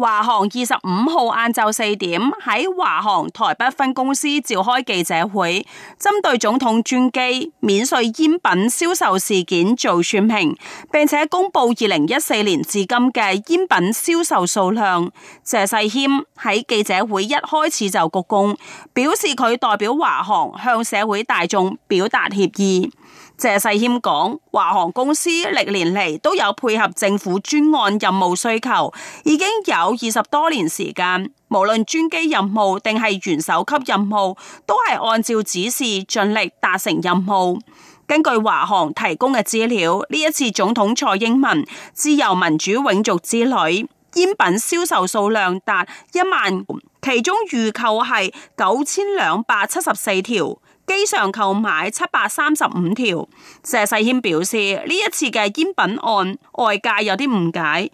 華航二十五號晏晝四點喺華航台北分公司召開記者會，針對總統專機免稅煙品銷售事件做說明，並且公布二零一四年至今嘅煙品銷售數量。謝世謙喺記者會一開始就鞠躬，表示佢代表華航向社會大眾表達歉意。謝世謙講，華航公司歷年嚟都有配合政府專案任務需求，已經有。有二十多年時間，無論專機任務定係元首級任務，都係按照指示盡力達成任務。根據華航提供嘅資料，呢一次總統蔡英文自由民主永續之旅煙品銷售數量達一萬，其中預購係九千兩百七十四條，機上購買七百三十五條。謝世謙表示，呢一次嘅煙品案外界有啲誤解。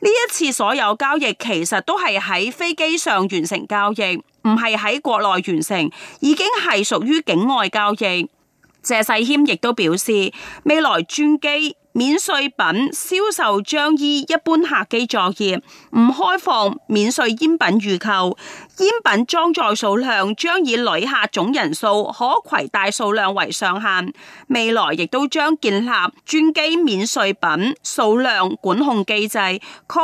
呢一次所有交易其實都係喺飛機上完成交易，唔係喺國內完成，已經係屬於境外交易。謝世謙亦都表示，未來專機免稅品銷售將依一般客機作業，唔開放免稅煙品預購，煙品裝載數量將以旅客總人數可攜帶數量為上限。未來亦都將建立專機免稅品數量管控機制，確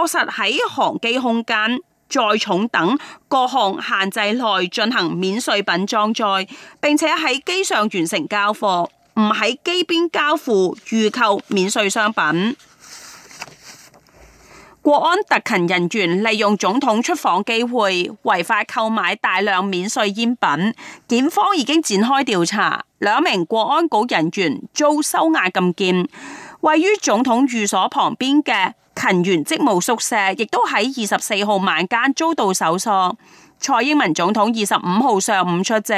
實喺航機空間。載重等各項限制內進行免稅品裝載，並且喺機上完成交貨，唔喺機邊交付預購免稅商品。國安特勤人員利用總統出訪機會，違法購買大量免稅煙品，檢方已經展開調查。兩名國安局人員遭收押禁見，位於總統寓所旁邊嘅。勤員職務宿舍亦都喺二十四號晚間遭到搜索。蔡英文總統二十五號上午出席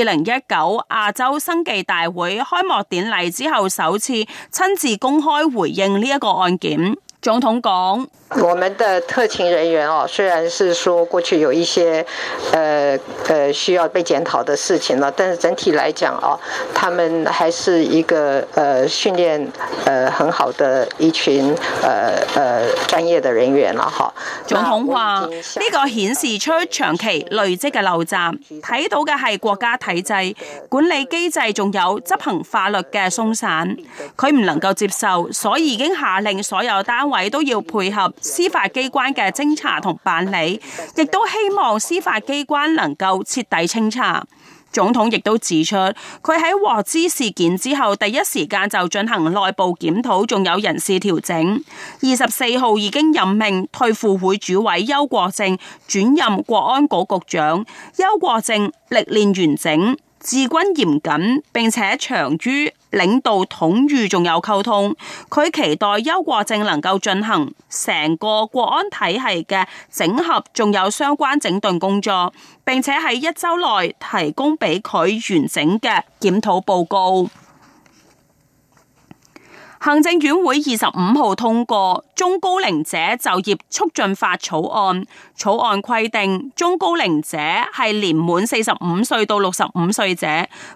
二零一九亞洲生技大會開幕典禮之後，首次親自公開回應呢一個案件。總統講。我們的特勤人員哦、啊，雖然是說過去有一些，呃，呃需要被檢討的事情啦，但是整體來講哦、啊，他們還是一個，呃，訓練，呃，很好的一群，呃，呃專業的人員啦、啊，吓總統話呢個顯示出長期累積嘅陋習，睇到嘅係國家體制、管理機制仲有執行法律嘅鬆散，佢唔能夠接受，所以已經下令所有單位都要配合。司法機關嘅偵查同辦理，亦都希望司法機關能夠徹底清查。總統亦都指出，佢喺獲知事件之後，第一時間就進行內部檢討，仲有人事調整。二十四號已經任命退輔會主委邱國正轉任國安局局長。邱國正歷練完整，治軍嚴謹，並且長於領導統御仲有溝通，佢期待邱國正能夠進行成個國安體系嘅整合，仲有相關整頓工作，並且喺一周內提供俾佢完整嘅檢討報告。行政院會二十五號通過中高齡者就業促進法草案。草案規定，中高齡者係年滿四十五歲到六十五歲者，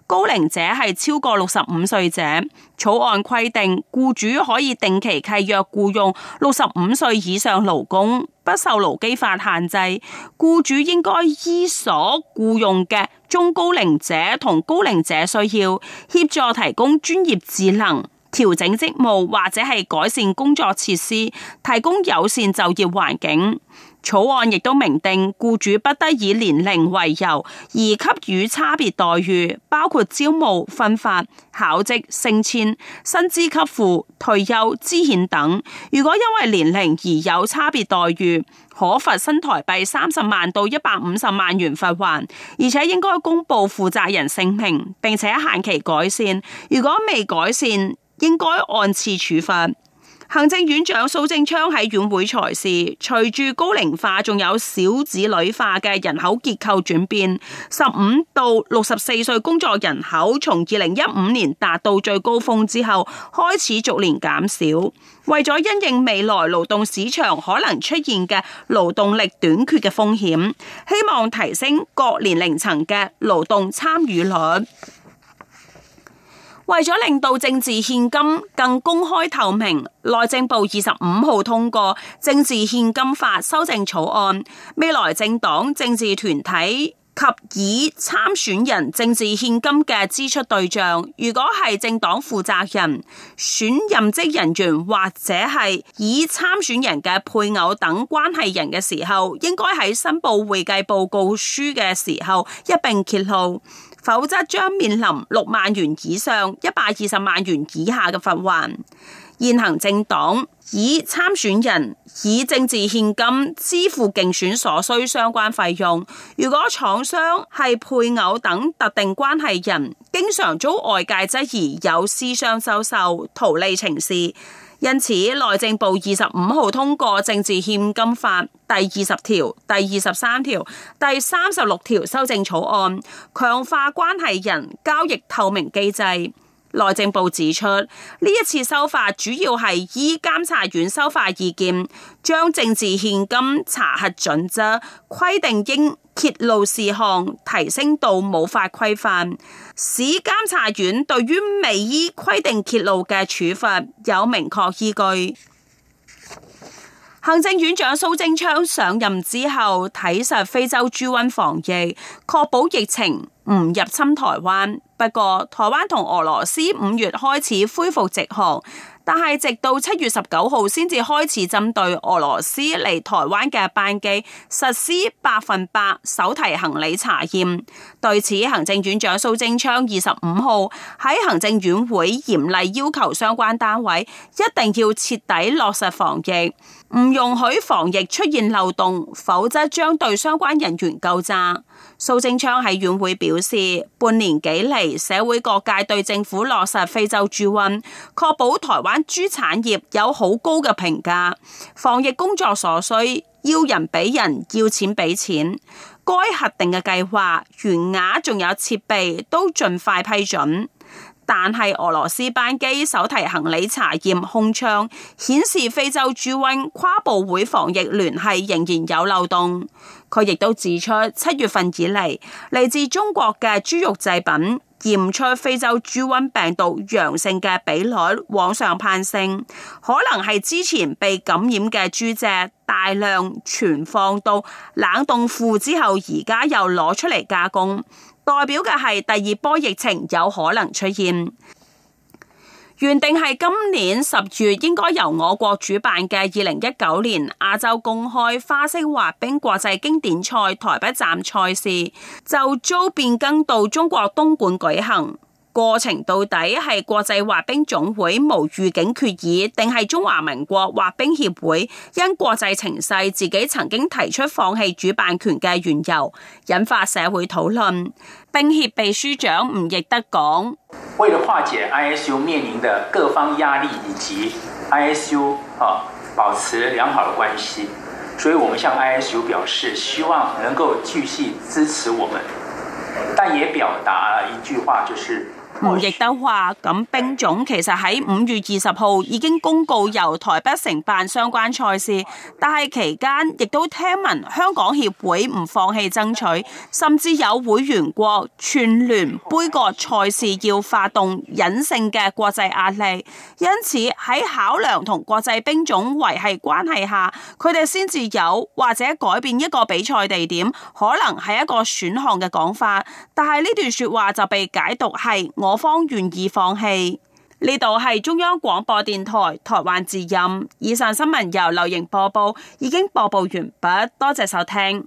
高齡者係超過六十五歲者。草案規定，雇主可以定期契約雇用六十五歲以上勞工，不受勞基法限制。雇主應該依所雇用嘅中高齡者同高齡者需要，協助提供專業智能。調整職務或者係改善工作設施，提供友善就業環境。草案亦都明定，雇主不得以年齡為由而給予差別待遇，包括招募、分發、考績、升遷、薪資給付、退休、資遣等。如果因為年齡而有差別待遇，可罰新台幣三十萬到一百五十萬元罰鍰，而且應該公布負責人姓名，並且限期改善。如果未改善，應該按次處罰。行政院長蘇貞昌喺院會裁示，隨住高齡化仲有少子女化嘅人口結構轉變，十五到六十四歲工作人口從二零一五年達到最高峰之後，開始逐年減少。為咗因應未來勞動市場可能出現嘅勞動力短缺嘅風險，希望提升各年齡層嘅勞動參與率。為咗令到政治獻金更公開透明，內政部二十五號通過《政治獻金法》修正草案，未來政黨、政治團體及以參選人政治獻金嘅支出對象，如果係政黨負責人、選任職人員或者係以參選人嘅配偶等關係人嘅時候，應該喺申報會計報告書嘅時候一並揭露，否則將面臨六萬元以上、一百二十萬元以下嘅罰鍰。現行政黨以參選人以政治獻金支付競選所需相關費用，如果廠商係配偶等特定關係人，經常遭外界質疑有私相授受、圖利情事，因此內政部二十五號通過《政治獻金法》第二十條、第二十三條、第三十六條修正草案，強化關係人交易透明機制。內政部指出，呢一次修法主要係依監察院修法意見，將政治獻金查核準則規定應揭露事項提升到無法規範。使監察院對於未依規定揭露嘅處罰有明確依據。行政院長蘇貞昌上任之後，睇實非洲豬瘟防疫，確保疫情唔入侵台灣。不過，台灣同俄羅斯五月開始恢復直航，但係直到七月十九號先至開始針對俄羅斯嚟台灣嘅班機實施百分百手提行李查驗。對此，行政院長蘇貞昌二十五號喺行政院會嚴厲要求相關單位一定要徹底落實防疫。唔容許防疫出現漏洞，否則將對相關人員究責。蘇貞昌喺院會表示，半年幾嚟，社會各界對政府落實非洲豬瘟，確保台灣豬產業有好高嘅評價。防疫工作所需，要人俾人，要錢俾錢，該核定嘅計劃、原額仲有設備，都盡快批准。但係，俄羅斯班機手提行李查驗空窗，顯示非洲豬瘟跨部會防疫聯繫仍然有漏洞。佢亦都指出，七月份以嚟，嚟自中國嘅豬肉製品，驗出非洲豬瘟病毒陽性嘅比率往上攀升，可能係之前被感染嘅豬隻大量存放到冷凍庫之後，而家又攞出嚟加工，代表嘅係第二波疫情有可能出現。原定係今年十月應該由我國主辦嘅二零一九年亞洲公開花式滑冰國際經典賽台北站賽事，就遭變更到中國東莞舉行。過程到底係國際滑冰總會無預警決議，定係中華民國滑冰協會因國際情勢自己曾經提出放棄主辦權嘅緣由，引發社會討論？冰協秘書長吳奕德講：為了化解 ISU 面臨的各方壓力以及 ISU 啊保持良好的關係，所以我們向 ISU 表示希望能夠繼續支持我們，但也表達一句話，就是。吳亦德話，咁冰總其實喺五月二十號已經公告由台北承辦相關賽事，但係期間亦都聽聞香港協會唔放棄爭取，甚至有會員國串聯杯葛賽事要發動隱性嘅國際壓力，因此喺考量同國際冰總維繫關係下，佢哋先至有或者改變一個比賽地點，可能係一個選項嘅講法。但係呢段説話就被解讀係我方願意放棄。呢度係中央廣播電台台灣之音，以上新聞由劉瑩播報，已經播報完畢，多謝收聽。